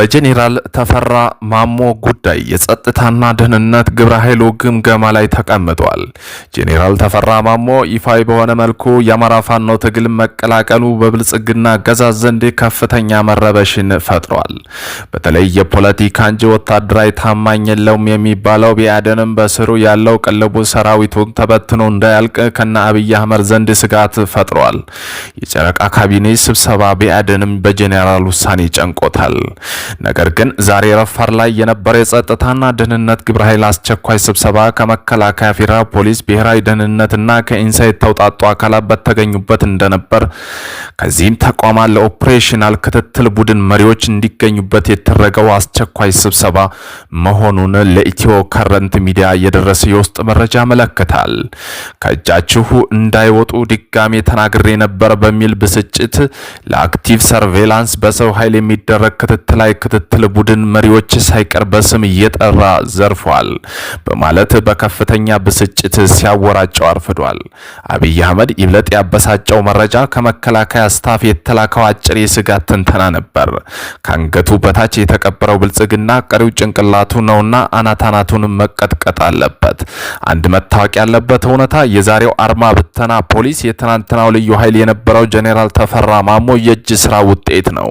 በጄኔራል ተፈራ ማሞ ጉዳይ የጸጥታና ደህንነት ግብረ ኃይሉ ግምገማ ላይ ተቀምጧል። ጄኔራል ተፈራ ማሞ ይፋዊ በሆነ መልኩ የአማራ ፋኖ ትግል መቀላቀሉ በብልጽግና አገዛዝ ዘንድ ከፍተኛ መረበሽን ፈጥሯል። በተለይ የፖለቲካ እንጂ ወታደራዊ ታማኝ የለውም የሚባለው ቢያደንም በስሩ ያለው ቅልቡ ሰራዊቱን ተበትኖ እንዳያልቅ ከነ አብይ አህመድ ዘንድ ስጋት ፈጥሯል። የጨረቃ ካቢኔ ስብሰባ ቢያደንም በጄኔራል ውሳኔ ጨንቆታል። ነገር ግን ዛሬ ረፋር ላይ የነበረው የጸጥታና ደህንነት ግብረ ኃይል አስቸኳይ ስብሰባ ከመከላከያ፣ ፌዴራል ፖሊስ፣ ብሔራዊ ደህንነትና ከኢንሳ የተውጣጡ አካላት በተገኙበት እንደነበር ከዚህም ተቋማት ለኦፕሬሽናል ክትትል ቡድን መሪዎች እንዲገኙበት የተደረገው አስቸኳይ ስብሰባ መሆኑን ለኢትዮ ከረንት ሚዲያ የደረሰ የውስጥ መረጃ ያመለክታል። ከእጃችሁ እንዳይወጡ ድጋሜ ተናግሬ ነበር በሚል ብስጭት ለአክቲቭ ሰርቬላንስ በሰው ኃይል የሚደረግ ክትትል ላይ ክትትል ቡድን መሪዎች ሳይቀር በስም እየጠራ ዘርፏል በማለት በከፍተኛ ብስጭት ሲያወራጨው አርፍዷል። አብይ አህመድ ይብለጥ ያበሳጨው መረጃ ከመከላከያ ስታፍ የተላከው አጭር የስጋት ትንተና ነበር። ከአንገቱ በታች የተቀበረው ብልጽግና ቀሪው ጭንቅላቱ ነውና አናታናቱን መቀጥቀጥ አለበት። አንድ መታወቅ ያለበት እውነታ የዛሬው አርማ ብተና ፖሊስ የትናንትናው ልዩ ኃይል የነበረው ጄኔራል ተፈራ ማሞ የእጅ ስራ ውጤት ነው።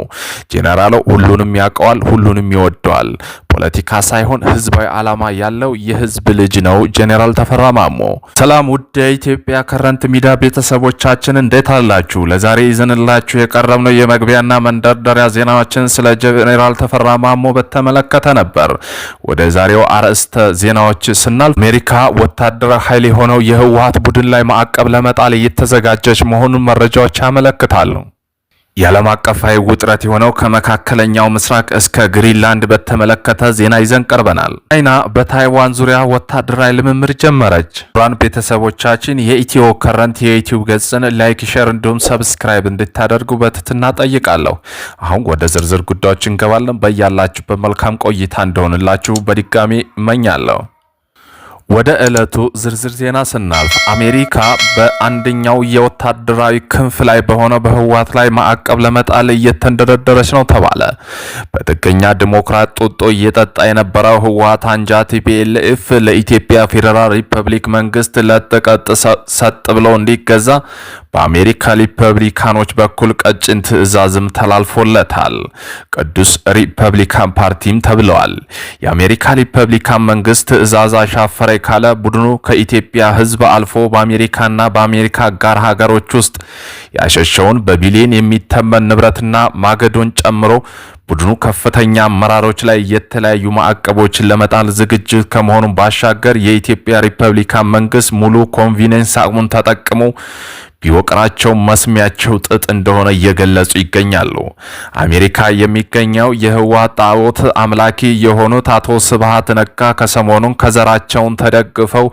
ጄኔራሉ ሁሉንም ያውቀ ያውቀዋል፣ ሁሉንም ይወደዋል። ፖለቲካ ሳይሆን ህዝባዊ ዓላማ ያለው የህዝብ ልጅ ነው። ጄኔራል ተፈራ ማሞ። ሰላም ውድ የኢትዮጵያ ከረንት ሚዲያ ቤተሰቦቻችን እንዴት አላችሁ? ለዛሬ ይዘንላችሁ የቀረብነው የመግቢያና መንደርደሪያ ዜናዎችን ስለ ጄኔራል ተፈራ ማሞ በተመለከተ ነበር። ወደ ዛሬው አርዕስተ ዜናዎች ስናልፍ አሜሪካ ወታደራዊ ኃይል የሆነው የህወሀት ቡድን ላይ ማዕቀብ ለመጣል እየተዘጋጀች መሆኑን መረጃዎች ያመለክታሉ። የዓለም አቀፋዊ ውጥረት የሆነው ከመካከለኛው ምስራቅ እስከ ግሪንላንድ በተመለከተ ዜና ይዘን ቀርበናል። ቻይና በታይዋን ዙሪያ ወታደራዊ ልምምድ ጀመረች። ራን ቤተሰቦቻችን የኢትዮ ከረንት የዩቲዩብ ገጽን ላይክ፣ ሼር እንዲሁም ሰብስክራይብ እንድታደርጉ በትትና ጠይቃለሁ። አሁን ወደ ዝርዝር ጉዳዮች እንገባለን። በያላችሁ በመልካም ቆይታ እንደሆንላችሁ በድጋሚ እመኛለሁ። ወደ ዕለቱ ዝርዝር ዜና ስናልፍ አሜሪካ በአንደኛው የወታደራዊ ክንፍ ላይ በሆነው በህወሓት ላይ ማዕቀብ ለመጣል እየተንደረደረች ነው ተባለ። በጥገኛ ዲሞክራት ጡጦ እየጠጣ የነበረው ህወሓት አንጃ ቲፒኤልኤፍ ለኢትዮጵያ ፌዴራል ሪፐብሊክ መንግስት ለጥቀጥ ሰጥ ብሎ እንዲገዛ በአሜሪካ ሪፐብሊካኖች በኩል ቀጭን ትዕዛዝም ተላልፎለታል። ቅዱስ ሪፐብሊካን ፓርቲም ተብለዋል። የአሜሪካ ሪፐብሊካን መንግስት ትዕዛዝ አሻፈረ ካለ ቡድኑ ከኢትዮጵያ ህዝብ አልፎ በአሜሪካና በአሜሪካ አጋር ሀገሮች ውስጥ ያሸሸውን በቢሊዮን የሚተመን ንብረትና ማገዶን ጨምሮ ቡድኑ ከፍተኛ አመራሮች ላይ የተለያዩ ማዕቀቦችን ለመጣል ዝግጅት ከመሆኑም ባሻገር የኢትዮጵያ ሪፐብሊካን መንግስት ሙሉ ኮንቬኒየንስ አቅሙን ተጠቅሞ ቢወቅራቸው መስሚያቸው ጥጥ እንደሆነ እየገለጹ ይገኛሉ። አሜሪካ የሚገኘው የህወሓት ጣዖት አምላኪ የሆኑት አቶ ስብሃት ነጋ ከሰሞኑን ከዘራቸውን ተደግፈው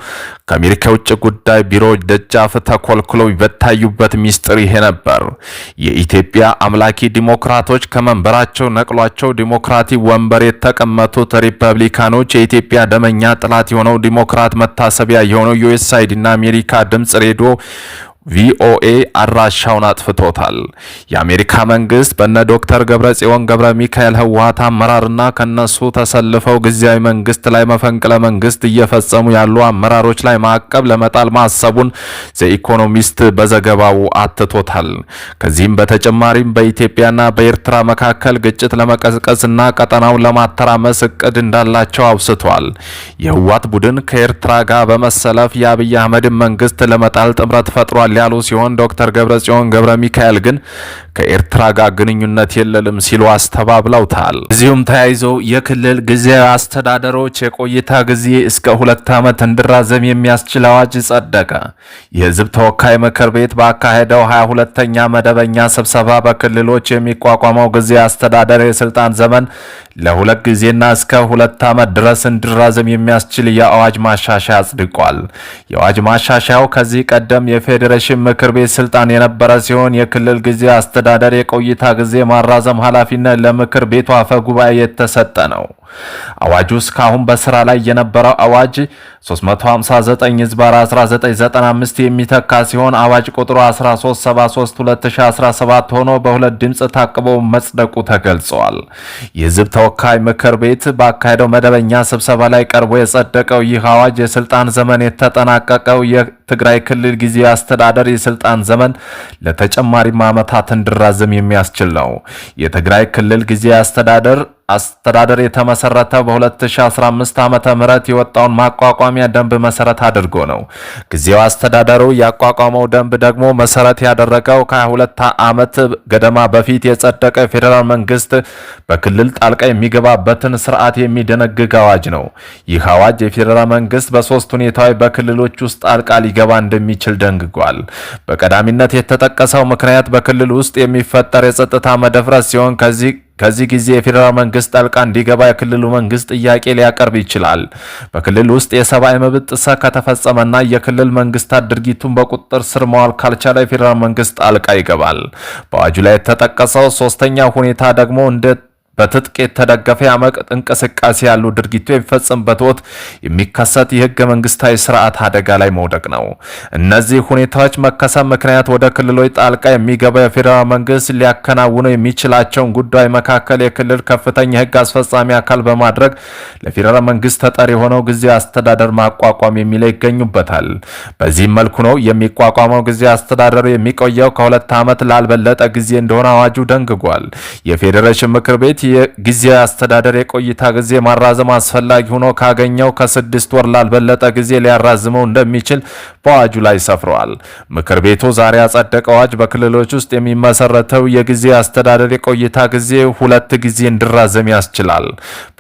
ከአሜሪካ የውጭ ጉዳይ ቢሮ ደጃፍ ተኮልኩለው በታዩበት ሚስጥር ይሄ ነበር። የኢትዮጵያ አምላኪ ዲሞክራቶች ከመንበራቸው ነቅሏቸው ዲሞክራቲክ ወንበር የተቀመጡት ሪፐብሊካኖች የኢትዮጵያ ደመኛ ጠላት የሆነው ዲሞክራት መታሰቢያ የሆነው እና አሜሪካ ድምፅ ሬዲዮ ቪኦኤ አድራሻውን አጥፍቶታል። የአሜሪካ መንግስት በነ ዶክተር ገብረ ጽዮን ገብረ ሚካኤል ህወሀት አመራርና ከነሱ ተሰልፈው ጊዜያዊ መንግስት ላይ መፈንቅለ መንግስት እየፈጸሙ ያሉ አመራሮች ላይ ማዕቀብ ለመጣል ማሰቡን ዘኢኮኖሚስት በዘገባው አትቶታል። ከዚህም በተጨማሪም በኢትዮጵያና በኤርትራ መካከል ግጭት ለመቀዝቀዝና ቀጠናውን ለማተራመስ እቅድ እንዳላቸው አውስተዋል። የህወሀት ቡድን ከኤርትራ ጋር በመሰለፍ የአብይ አህመድን መንግስት ለመጣል ጥምረት ፈጥሯል ያሉ ሲሆን ዶክተር ገብረጽዮን ገብረ ሚካኤል ግን ከኤርትራ ጋር ግንኙነት የለልም ሲሉ አስተባብለውታል። እዚሁም ተያይዘው የክልል ጊዜያዊ አስተዳደሮች የቆይታ ጊዜ እስከ ሁለት ዓመት እንዲራዘም የሚያስችል አዋጅ ጸደቀ። የህዝብ ተወካይ ምክር ቤት ባካሄደው 22 ተኛ መደበኛ ስብሰባ በክልሎች የሚቋቋመው ጊዜያዊ አስተዳደር የስልጣን ዘመን ለሁለት ጊዜና እስከ ሁለት ዓመት ድረስ እንዲራዘም የሚያስችል የአዋጅ ማሻሻያ አጽድቋል። የአዋጅ ማሻሻያው ከዚህ ቀደም የፌዴሬሽን ፌዴሬሽን ምክር ቤት ስልጣን የነበረ ሲሆን የክልል ጊዜ አስተዳደር የቆይታ ጊዜ ማራዘም ኃላፊነት ለምክር ቤቱ አፈ ጉባኤ የተሰጠ ነው። አዋጁ እስካሁን በስራ ላይ የነበረው አዋጅ 359 1995 የሚተካ ሲሆን አዋጅ ቁጥሩ 1373 2017 ሆኖ በሁለት ድምፅ ታቅቦ መጽደቁ ተገልጿል። የህዝብ ተወካይ ምክር ቤት ባካሄደው መደበኛ ስብሰባ ላይ ቀርቦ የጸደቀው ይህ አዋጅ የስልጣን ዘመን የተጠናቀቀው ትግራይ ክልል ጊዜ አስተዳደር የስልጣን ዘመን ለተጨማሪም ዓመታት እንዲራዘም የሚያስችል ነው። የትግራይ ክልል ጊዜ አስተዳደር አስተዳደር የተመሰረተ በ2015 ዓ ም የወጣውን ማቋቋሚያ ደንብ መሰረት አድርጎ ነው። ጊዜው አስተዳደሩ ያቋቋመው ደንብ ደግሞ መሰረት ያደረገው ከ ከ22 ዓመት ገደማ በፊት የጸደቀ ፌዴራል መንግስት በክልል ጣልቃ የሚገባበትን ስርዓት የሚደነግግ አዋጅ ነው። ይህ አዋጅ የፌዴራል መንግስት በሶስት ሁኔታዊ በክልሎች ውስጥ ጣልቃ ሊገባ እንደሚችል ደንግጓል። በቀዳሚነት የተጠቀሰው ምክንያት በክልል ውስጥ የሚፈጠር የጸጥታ መደፍረስ ሲሆን ከዚህ ከዚህ ጊዜ የፌዴራል መንግስት ጣልቃ እንዲገባ የክልሉ መንግስት ጥያቄ ሊያቀርብ ይችላል። በክልል ውስጥ የሰብአዊ መብት ጥሰት ከተፈጸመና የክልል መንግስታት ድርጊቱን በቁጥጥር ስር መዋል ካልቻለ የፌዴራል መንግስት ጣልቃ ይገባል። በአዋጁ ላይ የተጠቀሰው ሶስተኛ ሁኔታ ደግሞ እንደ በትጥቅ የተደገፈ የአመቅ እንቅስቃሴ ያለው ድርጊቱ የሚፈጸምበት ወቅት የሚከሰት የህገ መንግስታዊ ስርዓት አደጋ ላይ መውደቅ ነው። እነዚህ ሁኔታዎች መከሰት ምክንያት ወደ ክልሎች ጣልቃ የሚገባ የፌዴራል መንግስት ሊያከናውነው የሚችላቸውን ጉዳይ መካከል የክልል ከፍተኛ የህግ አስፈጻሚ አካል በማድረግ ለፌዴራል መንግስት ተጠሪ የሆነው ጊዜያዊ አስተዳደር ማቋቋም የሚለው ይገኙበታል። በዚህም መልኩ ነው የሚቋቋመው ጊዜያዊ አስተዳደሩ የሚቆየው ከሁለት ዓመት ላልበለጠ ጊዜ እንደሆነ አዋጁ ደንግጓል። የፌዴሬሽን ምክር ቤት ጊዜ አስተዳደር የቆይታ ጊዜ ማራዘም አስፈላጊ ሆኖ ካገኘው ከስድስት ወር ላልበለጠ ጊዜ ሊያራዝመው እንደሚችል በአዋጁ ላይ ሰፍረዋል። ምክር ቤቱ ዛሬ ያጸደቀ አዋጅ በክልሎች ውስጥ የሚመሰረተው የጊዜ አስተዳደር የቆይታ ጊዜ ሁለት ጊዜ እንዲራዘም ያስችላል።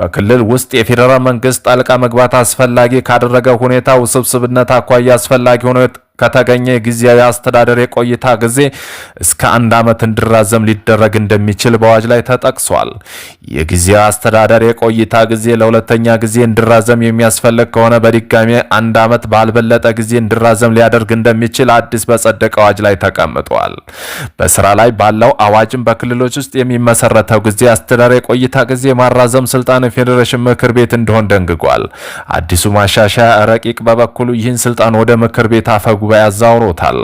በክልል ውስጥ የፌዴራል መንግስት ጣልቃ መግባት አስፈላጊ ካደረገ ሁኔታ ውስብስብነት አኳያ አስፈላጊ ሆኖ ከተገኘ ጊዜያዊ አስተዳደር የቆይታ ጊዜ እስከ አንድ ዓመት እንዲራዘም ሊደረግ እንደሚችል በአዋጅ ላይ ተጠቅሷል። የጊዜያዊ አስተዳደር የቆይታ ጊዜ ለሁለተኛ ጊዜ እንዲራዘም የሚያስፈልግ ከሆነ በድጋሚ አንድ ዓመት ባልበለጠ ጊዜ እንዲራዘም ሊያደርግ እንደሚችል አዲስ በጸደቀ አዋጅ ላይ ተቀምጧል። በስራ ላይ ባለው አዋጅም በክልሎች ውስጥ የሚመሰረተው ጊዜ አስተዳደር የቆይታ ጊዜ ማራዘም ስልጣን የፌዴሬሽን ምክር ቤት እንደሆን ደንግጓል። አዲሱ ማሻሻያ ረቂቅ በበኩሉ ይህን ስልጣን ወደ ምክር ቤት አፈጉ ጉባኤ አዛውሮታል።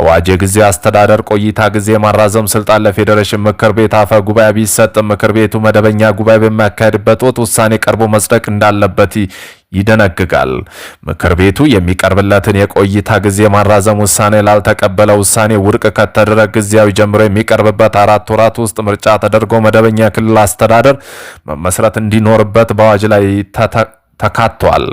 አዋጅ የጊዜ አስተዳደር ቆይታ ጊዜ ማራዘም ስልጣን ለፌዴሬሽን ምክር ቤት አፈ ጉባኤ ቢሰጥም ምክር ቤቱ መደበኛ ጉባኤ በሚያካሄድበት ወቅት ውሳኔ ቀርቦ መጽደቅ እንዳለበት ይደነግጋል። ምክር ቤቱ የሚቀርብለትን የቆይታ ጊዜ ማራዘም ውሳኔ ላልተቀበለ ውሳኔ ውድቅ ከተደረገ ጊዜያዊ ጀምሮ የሚቀርብበት አራት ወራት ውስጥ ምርጫ ተደርጎ መደበኛ ክልል አስተዳደር መመስረት እንዲኖርበት በአዋጅ ላይ ተካቷል።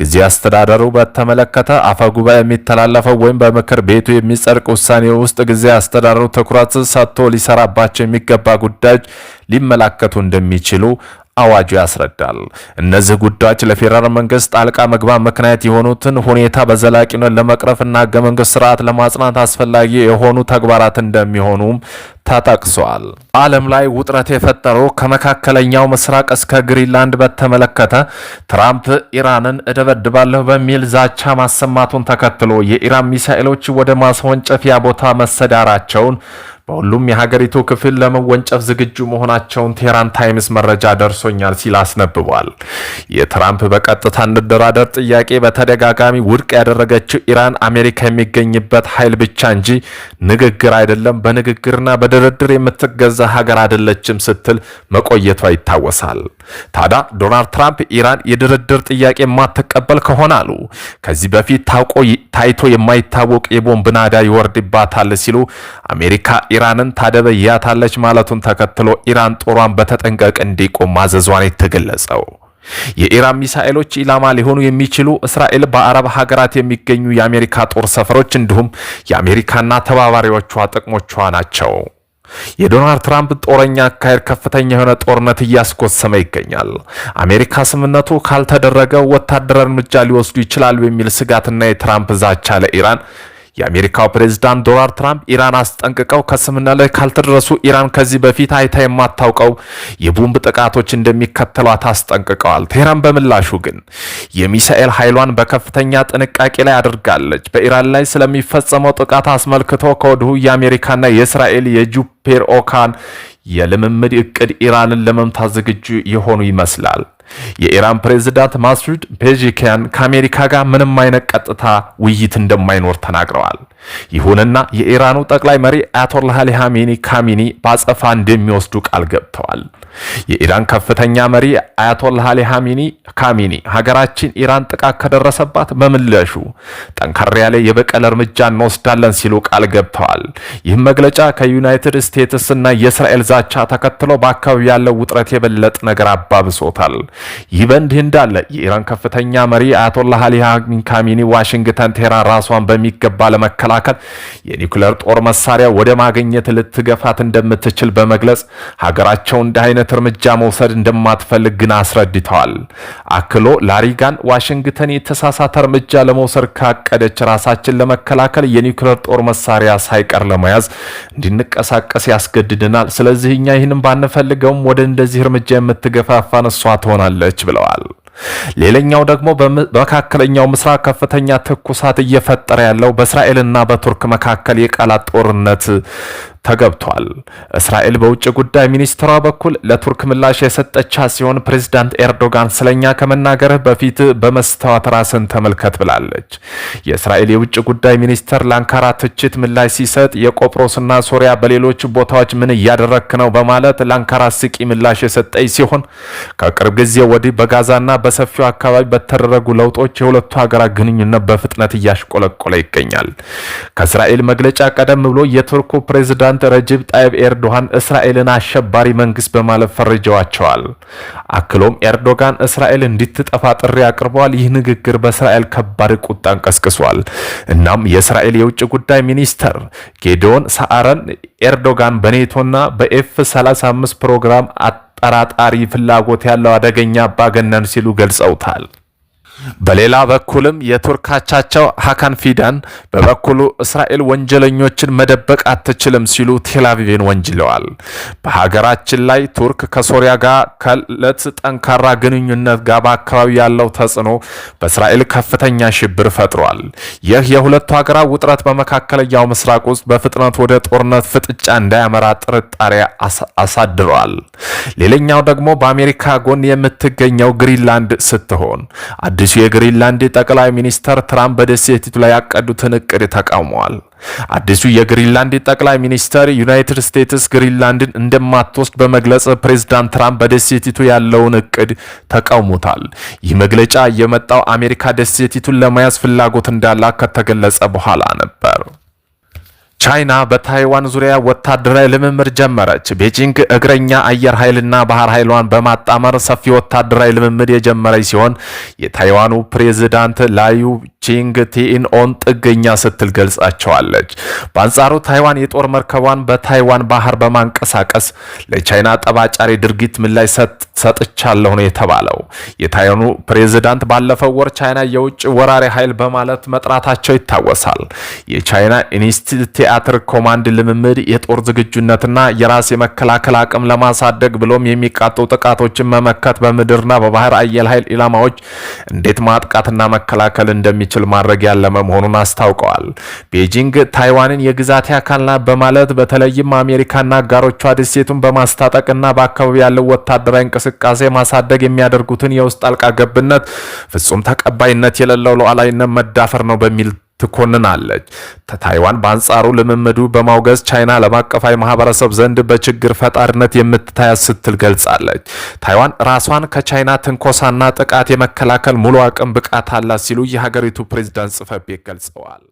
ጊዜ አስተዳደሩ በተመለከተ አፈጉባኤ የሚተላለፈው ወይም በምክር ቤቱ የሚጸድቅ ውሳኔ ውስጥ ጊዜ አስተዳደሩ ትኩረት ሰጥቶ ሊሰራባቸው የሚገባ ጉዳዮች ሊመላከቱ እንደሚችሉ አዋጁ ያስረዳል። እነዚህ ጉዳዮች ለፌዴራል መንግስት ጣልቃ መግባት ምክንያት የሆኑትን ሁኔታ በዘላቂነት ለመቅረፍና ህገ መንግስት ስርዓት ለማጽናት አስፈላጊ የሆኑ ተግባራት እንደሚሆኑም ተጠቅሷል። ዓለም ላይ ውጥረት የፈጠረው ከመካከለኛው ምስራቅ እስከ ግሪንላንድ በተመለከተ ትራምፕ ኢራንን እደበድባለሁ በሚል ዛቻ ማሰማቱን ተከትሎ የኢራን ሚሳኤሎች ወደ ማስወንጨፊያ ቦታ መሰዳራቸውን በሁሉም የሀገሪቱ ክፍል ለመወንጨፍ ዝግጁ መሆናቸውን ቴራን ታይምስ መረጃ ደርሶኛል ሲል አስነብቧል። የትራምፕ በቀጥታ እንደራደር ጥያቄ በተደጋጋሚ ውድቅ ያደረገችው ኢራን አሜሪካ የሚገኝበት ኃይል ብቻ እንጂ ንግግር አይደለም፣ በንግግርና በድርድር የምትገዛ ሀገር አይደለችም ስትል መቆየቷ ይታወሳል። ታዲያ ዶናልድ ትራምፕ ኢራን የድርድር ጥያቄ የማትቀበል ከሆነ አሉ ከዚህ በፊት ታውቆ ታይቶ የማይታወቅ የቦምብ ናዳ ይወርድባታል ሲሉ አሜሪካ ኢራንን ታደበያታለች ማለቱን ተከትሎ ኢራን ጦሯን በተጠንቀቅ እንዲቆም ማዘዟን የተገለጸው የኢራን ሚሳኤሎች ኢላማ ሊሆኑ የሚችሉ እስራኤል በአረብ ሀገራት የሚገኙ የአሜሪካ ጦር ሰፈሮች እንዲሁም የአሜሪካና ተባባሪዎቿ ጥቅሞቿ ናቸው። የዶናልድ ትራምፕ ጦረኛ አካሄድ ከፍተኛ የሆነ ጦርነት እያስኮሰመ ይገኛል። አሜሪካ ስምምነቱ ካልተደረገ ወታደራዊ እርምጃ ሊወስዱ ይችላሉ የሚል ስጋትና የትራምፕ ዛቻ ለኢራን የአሜሪካው ፕሬዝዳንት ዶናልድ ትራምፕ ኢራን አስጠንቅቀው ከስምምነት ላይ ካልተደረሱ ኢራን ከዚህ በፊት አይታ የማታውቀው የቦምብ ጥቃቶች እንደሚከተሏት አስጠንቅቀዋል። ቴህራን በምላሹ ግን የሚሳኤል ኃይሏን በከፍተኛ ጥንቃቄ ላይ አድርጋለች። በኢራን ላይ ስለሚፈጸመው ጥቃት አስመልክቶ ከወዲሁ የአሜሪካና የእስራኤል የጁፔር ኦካን የልምምድ እቅድ ኢራንን ለመምታት ዝግጁ የሆኑ ይመስላል። የኢራን ፕሬዝዳንት ማስሩድ ፔጂኪያን ከአሜሪካ ጋር ምንም አይነት ቀጥታ ውይይት እንደማይኖር ተናግረዋል። ይሁንና የኢራኑ ጠቅላይ መሪ አያቶላህ አሊ ኻሜኒ ካሚኒ በጸፋ እንደሚወስዱ ቃል ገብተዋል። የኢራን ከፍተኛ መሪ አያቶላህ አሊ ኻሜኒ ካሚኒ ሀገራችን ኢራን ጥቃት ከደረሰባት በምላሹ ጠንካራ ያለ የበቀል እርምጃ እንወስዳለን ሲሉ ቃል ገብተዋል። ይህም መግለጫ ከዩናይትድ ስቴትስ እና የእስራኤል ዛቻ ተከትሎ በአካባቢ ያለው ውጥረት የበለጠ ነገር አባብሶታል። ይህ በእንዲህ እንዳለ የኢራን ከፍተኛ መሪ አያቶላህ አሊ ካሚኒ ዋሽንግተን ቴህራን ራሷን በሚገባ ለመከላከል የኒውክሌር ጦር መሳሪያ ወደ ማግኘት ልትገፋት እንደምትችል በመግለጽ ሀገራቸው እንዲህ አይነት እርምጃ መውሰድ እንደማትፈልግ ግን አስረድተዋል። አክሎ ላሪጋን ዋሽንግተን የተሳሳተ እርምጃ ለመውሰድ ካቀደች ራሳችን ለመከላከል የኒውክሌር ጦር መሳሪያ ሳይቀር ለመያዝ እንዲንቀሳቀስ ያስገድድናል። ስለዚህ እኛ ይህንን ባንፈልገውም ወደ እንደዚህ እርምጃ የምትገፋፋን እሷ ትሆናል ሆናለች ብለዋል። ሌላኛው ደግሞ በመካከለኛው ምስራቅ ከፍተኛ ትኩሳት እየፈጠረ ያለው በእስራኤልና በቱርክ መካከል የቃላት ጦርነት ተገብቷል። እስራኤል በውጭ ጉዳይ ሚኒስትሯ በኩል ለቱርክ ምላሽ የሰጠቻ ሲሆን ፕሬዝዳንት ኤርዶጋን ስለኛ ከመናገርህ በፊት በመስታወት ራስን ተመልከት ብላለች። የእስራኤል የውጭ ጉዳይ ሚኒስትር ለአንካራ ትችት ምላሽ ሲሰጥ የቆጵሮስና ሶሪያ በሌሎች ቦታዎች ምን እያደረክ ነው በማለት ለአንካራ ስቂ ምላሽ የሰጠች ሲሆን ከቅርብ ጊዜ ወዲህ በጋዛና በሰፊው አካባቢ በተደረጉ ለውጦች የሁለቱ ሀገራት ግንኙነት በፍጥነት እያሽቆለቆለ ይገኛል። ከእስራኤል መግለጫ ቀደም ብሎ የቱርኩ ፕሬዝዳንት ፕሬዝዳንት ረጅብ ጣይብ ኤርዶሃን እስራኤልን አሸባሪ መንግስት በማለት ፈርጀዋቸዋል። አክሎም ኤርዶጋን እስራኤል እንድትጠፋ ጥሪ አቅርበዋል። ይህ ንግግር በእስራኤል ከባድ ቁጣን ቀስቅሷል። እናም የእስራኤል የውጭ ጉዳይ ሚኒስተር ጌዲዮን ሳአረን ኤርዶጋን በኔቶና በኤፍ 35 ፕሮግራም አጠራጣሪ ፍላጎት ያለው አደገኛ አምባገነን ሲሉ ገልጸውታል። በሌላ በኩልም የቱርክ አቻቸው ሀካን ፊዳን በበኩሉ እስራኤል ወንጀለኞችን መደበቅ አትችልም ሲሉ ቴልአቪቭን ወንጅለዋል። በሀገራችን ላይ ቱርክ ከሶሪያ ጋር ከለት ጠንካራ ግንኙነት ጋር በአካባቢ ያለው ተጽዕኖ በእስራኤል ከፍተኛ ሽብር ፈጥሯል። ይህ የሁለቱ ሀገራት ውጥረት በመካከለኛው ምስራቅ ውስጥ በፍጥነት ወደ ጦርነት ፍጥጫ እንዳያመራ ጥርጣሬ አሳድሯል። ሌላኛው ደግሞ በአሜሪካ ጎን የምትገኘው ግሪንላንድ ስትሆን አዲሱ የግሪንላንድ ጠቅላይ ሚኒስተር ትራምፕ በደሴቲቱ ላይ ያቀዱትን እቅድ ተቃውመዋል። አዲሱ የግሪንላንድ ጠቅላይ ሚኒስተር ዩናይትድ ስቴትስ ግሪንላንድን እንደማትወስድ በመግለጽ ፕሬዝዳንት ትራምፕ በደሴቲቱ ያለውን እቅድ ተቃውሞታል። ይህ መግለጫ የመጣው አሜሪካ ደሴቲቱን ለመያዝ ፍላጎት እንዳላት ከተገለጸ በኋላ ነበር። ቻይና በታይዋን ዙሪያ ወታደራዊ ልምምድ ጀመረች። ቤጂንግ እግረኛ አየር ኃይልና ባህር ኃይሏን በማጣመር ሰፊ ወታደራዊ ልምምድ የጀመረች ሲሆን የታይዋኑ ፕሬዝዳንት ላዩ ቺንግ ቲኢንኦን ጥገኛ ስትል ገልጻቸዋለች። በአንጻሩ ታይዋን የጦር መርከቧን በታይዋን ባህር በማንቀሳቀስ ለቻይና ጠባጫሪ ድርጊት ምላሽ ሰጥቻለሁ ነው የተባለው። የታይዋኑ ፕሬዝዳንት ባለፈው ወር ቻይና የውጭ ወራሪ ኃይል በማለት መጥራታቸው ይታወሳል። የቻይና ኢንስቲቲ የቲያትር ኮማንድ ልምምድ፣ የጦር ዝግጁነትና የራስ የመከላከል አቅም ለማሳደግ ብሎም የሚቃጡ ጥቃቶችን መመከት፣ በምድርና በባህር አየር ኃይል ኢላማዎች እንዴት ማጥቃትና መከላከል እንደሚችል ማድረግ ያለመ መሆኑን አስታውቀዋል። ቤጂንግ ታይዋንን የግዛት አካል ናት በማለት በተለይም አሜሪካና አጋሮቿ ደሴቱን በማስታጠቅና በአካባቢ ያለው ወታደራዊ እንቅስቃሴ ማሳደግ የሚያደርጉትን የውስጥ ጣልቃ ገብነት ፍጹም ተቀባይነት የሌለው ሉዓላዊነት መዳፈር ነው በሚል ትኮንናለች። ታይዋን በአንጻሩ ልምምዱ በማውገዝ ቻይና ዓለም አቀፋዊ ማህበረሰብ ዘንድ በችግር ፈጣሪነት የምትታያት ስትል ገልጻለች። ታይዋን ራሷን ከቻይና ትንኮሳና ጥቃት የመከላከል ሙሉ አቅም ብቃት አላት ሲሉ የሀገሪቱ ፕሬዝዳንት ጽሕፈት ቤት ገልጸዋል።